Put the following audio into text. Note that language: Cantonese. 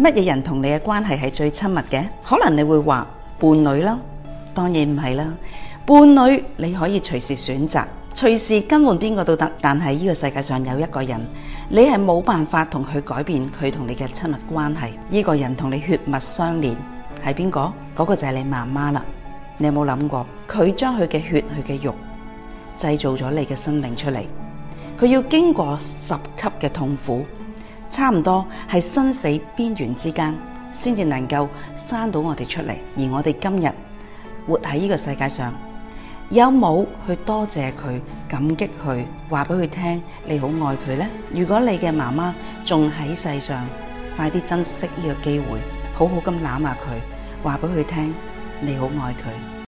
乜嘢人同你嘅關係係最親密嘅？可能你會話伴侶啦，當然唔係啦。伴侶你可以隨時選擇，隨時更換邊個都得。但係呢個世界上有一個人，你係冇辦法同佢改變佢同你嘅親密關係。呢個人同你血脈相連，係邊個？嗰個就係你媽媽啦。你有冇諗過佢將佢嘅血、佢嘅肉製造咗你嘅生命出嚟？佢要經過十級嘅痛苦。差唔多係生死邊緣之間，先至能夠生到我哋出嚟，而我哋今日活喺呢個世界上，有冇去多謝佢、感激佢，話俾佢聽你好愛佢呢？如果你嘅媽媽仲喺世上，快啲珍惜呢個機會，好好咁攬下佢，話俾佢聽你好愛佢。